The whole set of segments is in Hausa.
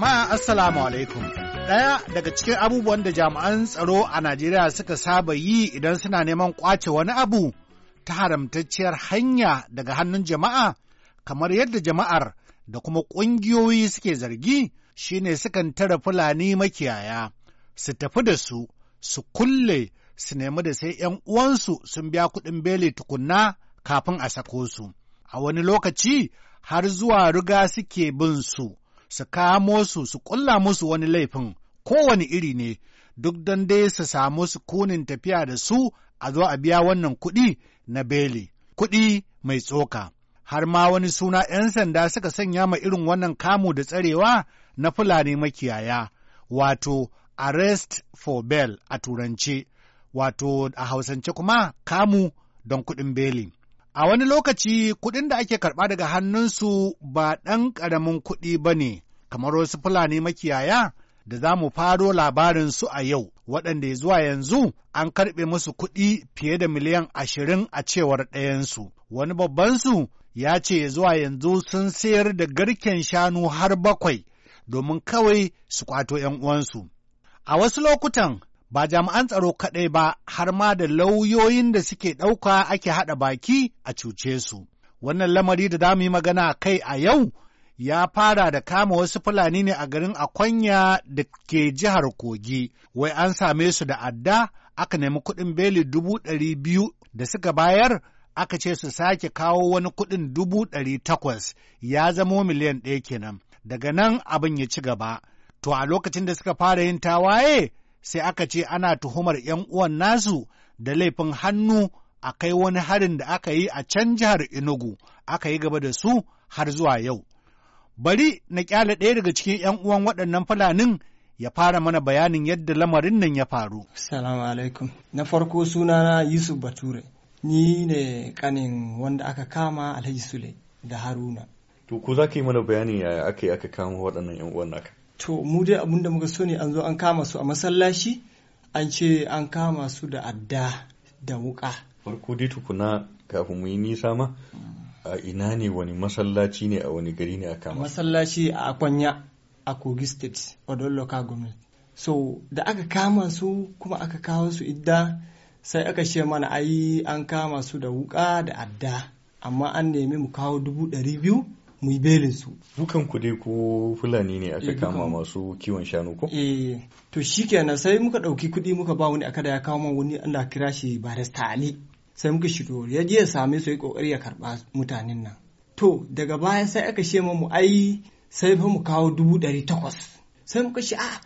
Jama'a Assalamu alaikum. Ɗaya daga cikin abubuwan da jami'an tsaro a Najeriya suka saba yi idan suna neman ƙwace wani abu ta haramtacciyar hanya daga hannun jama'a, kamar yadda jama'ar da kuma ƙungiyoyi suke zargi shine sukan tara Fulani makiyaya, su tafi da su, su kulle, su nemi da sai ‘yan uwansu sun biya kuɗin beli tukunna kafin a sako su. A wani lokaci har zuwa riga suke bin su. su kamo su su ƙulla musu wani laifin kowane iri ne duk don dai su samu sukunin tafiya da su a zo a biya wannan kuɗi na beli kuɗi mai tsoka har ma wani suna 'yan sanda suka sanya ma irin wannan kamu da tsarewa na fulani makiyaya wato arrest for bail a turance wato a hausance kuma kamu don kuɗin beli. A wani lokaci kuɗin da ake karɓa daga hannunsu ba ɗan ƙaramin kuɗi ba ne, kamar wasu Fulani makiyaya da za mu faro su a yau, waɗanda zuwa yanzu an karɓe musu kuɗi fiye da miliyan ashirin a cewar ɗayansu. Wani babban su ya ce ya zuwa yanzu sun sayar da garken shanu har bakwai domin kawai su kwato uwansu. A wasu lokutan ba jami'an tsaro kaɗai ba har ma da lauyoyin da suke ɗauka ake haɗa baki a cuce su. Wannan lamari da za mu yi magana kai a yau ya fara da kama wasu Fulani ne a garin Akwanya da ke jihar Kogi, wai an same su da adda aka nemi kuɗin beli dubu ɗari biyu da suka bayar aka ce su sake kawo wani kuɗin dubu ɗari takwas ya zamo miliyan ɗaya kenan. Daga nan abin ya ci gaba. To a lokacin da suka fara yin tawaye sai aka ce ana tuhumar 'yan uwan nasu da laifin hannu a kai wani harin da aka yi a can jihar Enugu aka yi gaba da su har zuwa yau. Bari na kyale ɗaya daga cikin 'yan uwan waɗannan fulanin ya fara mana bayanin yadda lamarin nan ya faru. Salamu alaikum. Na farko sunana Yusuf Bature. Ni ne kanin wanda aka kama Alhaji Sule da Haruna. To ko za ka yi mana bayanin yaya aka yi aka kama waɗannan 'yan uwan naka? To mu dai abin da muka so ne an zo an kama su a masallaci an ce an kama su da adda da wuƙa. Farko dai tukuna kafin mu yi nisa ma a ina ne wani masallaci ne a wani gari ne a kama masallaci a akwanya a kogi state odon local government so da aka kama su kuma aka kawo su idda sai aka ce mana ayi an kama su da wuka da adda amma an nemi mu kawo dubu ɗari biyu mu yi belin su dukan ku dai ko fulani ne aka eh, kama masu kiwon shanu ko eh to shikenan sai muka ɗauki kuɗi muka ba wani kada ya kawo man wani Allah kira shi barista ali sai muka shigo ya je ya same su ya kokari ya karba mutanen nan to daga baya sai aka ce mu ai sai fa mu kawo dubu ɗari takwas sai muka ce a ah,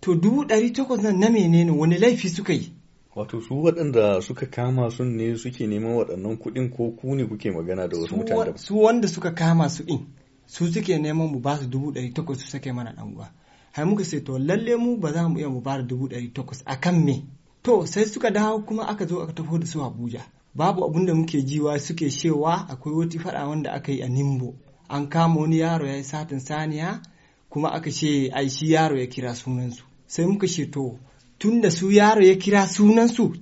to dubu ɗari takwas nan na menene wani laifi suka yi wato su waɗanda suka kama sun ne suke neman waɗannan kuɗin ko ku ne kuke magana da wasu mutane su wanda suka kama su ɗin su suke neman mu ba su dubu ɗari takwas su sake mana ɗan hai muka sai to lalle mu ba za mu iya mu ba da dubu ɗari takwas a kan me to sai suka dawo kuma aka zo aka taho da su abuja babu abun da muke jiwa suke cewa akwai wata fada wanda aka yi a nimbo an kama wani yaro ya yi satin saniya kuma aka ce ai shi yaro ya kira sunansu sai muka ce to tun da su yaro ya kira sunansu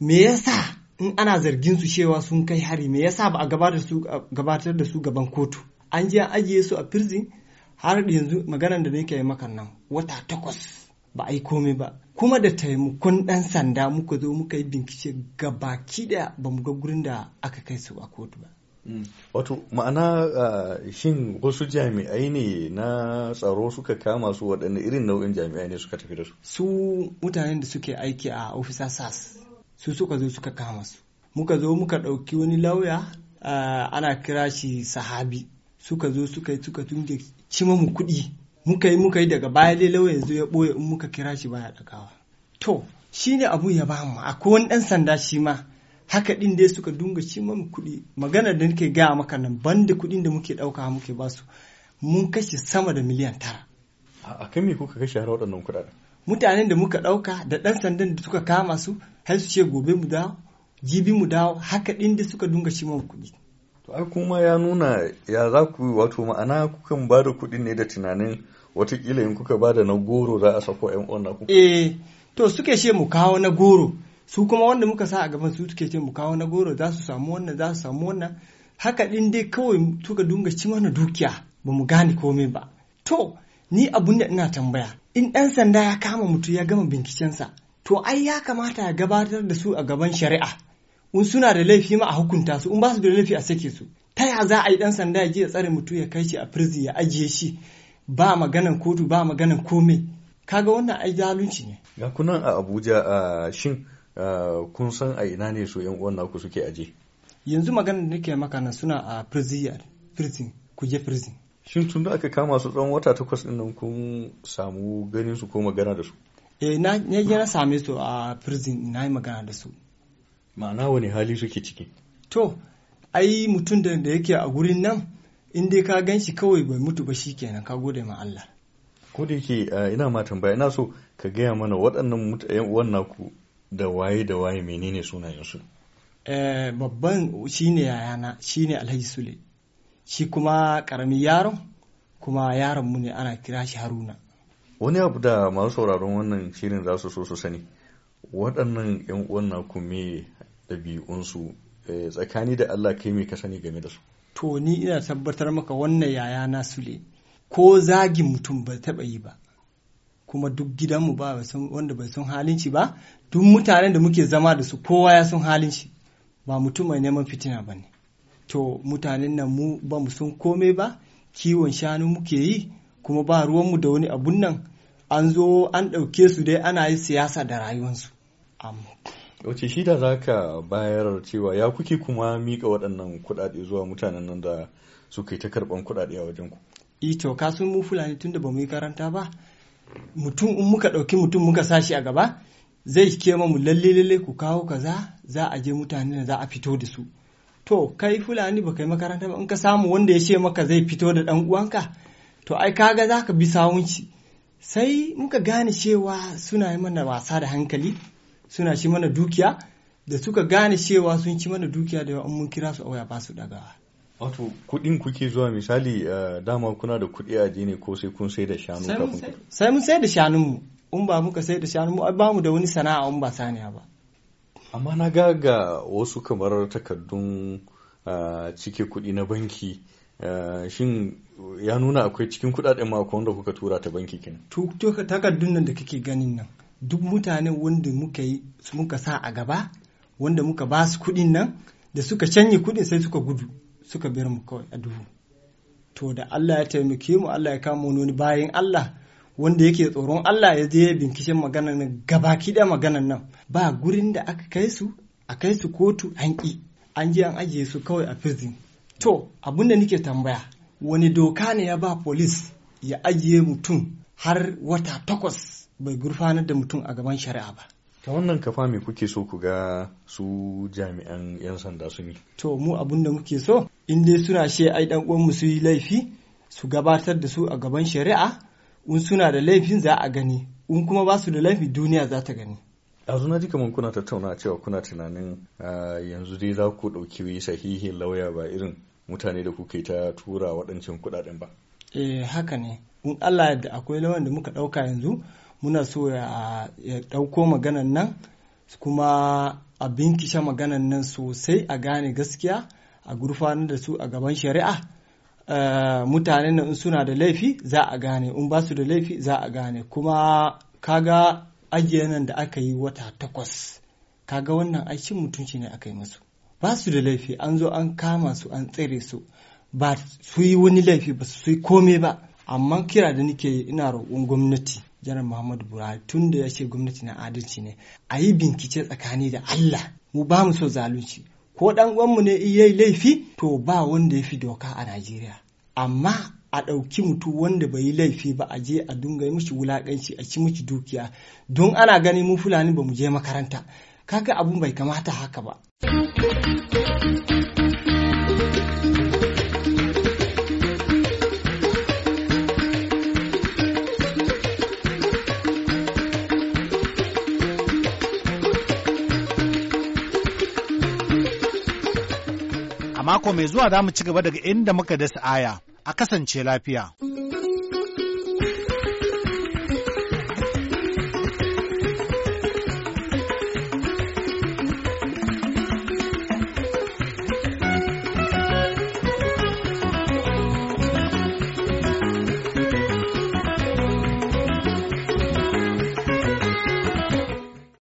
me yasa in ana zargin su cewa sun kai hari me yasa ba a gabatar da su gaban kotu an je an ajiye su a prison har yanzu maganar da nake yi maka nan wata takwas ba a yi komai ba kuma da taimakon ɗan sanda muka zo muka yi bincike baki da ba mu ga gurin da aka kai su a kotu ba mm. wato ma'ana shin wasu jami'ai ne na tsaro suka kama su waɗanne irin nau'in jami'ai ne suka tafi da su su mutanen da suke aiki a ofisa sas su suka zo suka kama su muka zo muka ɗauki wani lauya ana kira shi sahabi suka zo suka yi suka tunge cima mu kuɗi muka yi muka yi daga baya dai lauyan yanzu ya ɓoye in muka kira shi baya ɗagawa to shi ne abu ya bamu akwai wani ɗan sanda shi ma haka ɗin dai suka dunga ma mu kuɗi maganar da nake gaya maka nan banda kuɗin da muke ɗauka muke basu mun kashe sama da miliyan tara a kan me kuka kashe har waɗannan kuɗaɗen mutanen da muka ɗauka da ɗan sandan da suka kama su har su ce gobe mu dawo jibi mu dawo haka ɗin dai suka dunga ma mu kuɗi ai kuma ya nuna ya za ku wato ma'ana kukan ba da kuɗi ne da tunanin watakila in kuka ba da na goro za a sako yan uwan ku eh to suke ce mu kawo na goro su kuma wanda muka sa a gaban su suke ce mu kawo na goro za su samu wannan za su samu wannan haka din dai kawai tuka dunga ci mana dukiya ba mu gane komai ba to ni abun da ina tambaya in ɗan sanda ya kama mutum ya gama sa to ai ya kamata ya gabatar da su a gaban shari'a in suna da laifi ma a hukunta su in ba su da laifi a sake su ta ya za a yi dan sanda ya je ya tsare mutum ya kai shi a firzi ya ajiye shi ba maganan kotu ba maganan komai kaga wannan ai zalunci ne ga kunan a Abuja a shin kun san a ina ne su yan uwan naku suke aje yanzu maganar da nake maka nan suna a prison ku je prison shin tun da aka kama su tsawon wata takwas din nan kun samu ganin su ko magana da su eh na je na same su a prison na yi magana da su ma'ana wani hali suke ciki to ai mutum da yake a gurin nan in dai ka gan shi kawai bai mutu ba shi kenan ka gode ma Allah ko da yake ina ma tambaya ina so ka gaya mana waɗannan mutayen uwan naku da waye da waye menene sunayensu eh babban shine yayana shine Alhaji Sule shi kuma karami yaron kuma yaron mu ne ana kira shi Haruna wani abu da masu sauraron wannan shirin za su so su sani waɗannan 'yan uwan naku me ɗabi'unsu eh, tsakani da Allah kai mai ka sani game da su to ni ina tabbatar maka wannan yaya na sule ko zagin mutum ba taɓa yi ba kuma duk gidanmu ba wanda bai sun halin ba duk mutanen da muke zama da su kowa ya sun halinci shi ba mutum mai neman fitina ba ne to mutanen nan mu ba mu sun kome ba kiwon shanu muke yi kuma ba ruwanmu da wani abun nan an zo an ɗauke su dai ana yi siyasa da rayuwansu wace shida za ka bayar cewa ya kuke kuma mika waɗannan kuɗaɗe zuwa mutanen nan da suka yi ta karɓan kuɗaɗe a wajen ku ito e, ka sun mu fulani tun da ba mu yi karanta ba mutum in muka ɗauki mutum muka sa shi a gaba zai kema mu lalle lalle ku kawo kaza za a je mutane da za a fito da su to kai fulani ba kai makaranta ba in ka samu wanda ya ce maka zai fito da ɗan uwanka to ai kaga za ka bi sawunci sai muka gane cewa suna yi mana wasa da hankali suna shi mana dukiya da suka gane cewa sun ci mana dukiya da yawa mun kira su a waya ba su dagawa wato kudin kuke zuwa misali eh, dama kuna da kudi a ne ko sai kun sai da shanu sai mun sai da shanun mu in ba muka sai da shanu mu ba mu da wani sana'a in ba saniya ba amma na ga ga wasu kamar takardun eh, cike kudi na banki eh, shin ya nuna akwai cikin kudaden ma akwai wanda kuka tura ta banki kin? takardun nan da kake ganin nan duk mutanen wanda muka yi muka sa a gaba wanda muka ba su kudin nan da suka canye kudin sai suka gudu suka biyar mu kawai a duhu to da Allah ya taimake mu Allah ya kama wani bayan Allah wanda yake tsoron Allah ya je binkishin maganar nan gaba kiɗa maganar nan ba gurin da aka kai su a kai su kotu an ƙi an je an ajiye su kawai a prison to abin da nake tambaya wani doka ne ya ba police ya ajiye mutum har wata takwas bai gurfanar da mutum a gaban shari'a ba ta wannan kafa me kuke so ku ga su jami'an 'yan sanda sun yi to mu abin da muke so in dai suna she ai dan uwan mu su yi laifi su gabatar da su a gaban shari'a in suna da laifin za a gani in kuma ba su da laifi duniya za ta gani yanzu na ji kamar kuna tattauna cewa kuna tunanin yanzu dai za ku ɗauki sahihin lauya ba irin mutane da kuke ta tura waɗancan kuɗaɗen ba eh haka ne in Allah yadda akwai lawan da muka ɗauka yanzu muna so ya ɗauko maganan nan kuma a binkisha maganan nan sosai a gane gaskiya a gurfanar da su a gaban shari'a eh, mutanen nan suna da laifi za a gane in ba su da laifi za a gane kuma kaga ajiye nan da aka yi wata takwas kaga wannan aikin mutunci ne aka yi masu ba su da laifi an zo an kama su an tsere su ba su yi wani laifi ba su yi kome ba amma kira da nake ina roƙon gwamnati janar muhammadu buhari tun da ya ce gwamnati na adalci ne a yi bincike tsakani da allah mu ba mu so zalunci ko dan uwanmu ne iya laifi to ba wanda ya fi doka a najeriya amma a ɗauki mutum wanda bai yi laifi ba a je a dunga yi mishi wulaƙanci a ci mishi dukiya don ana ganin mu fulani ba mu je makaranta kaga abun bai kamata haka ba mako mai zuwa za mu ci gaba daga inda muka dasa aya a kasance lafiya.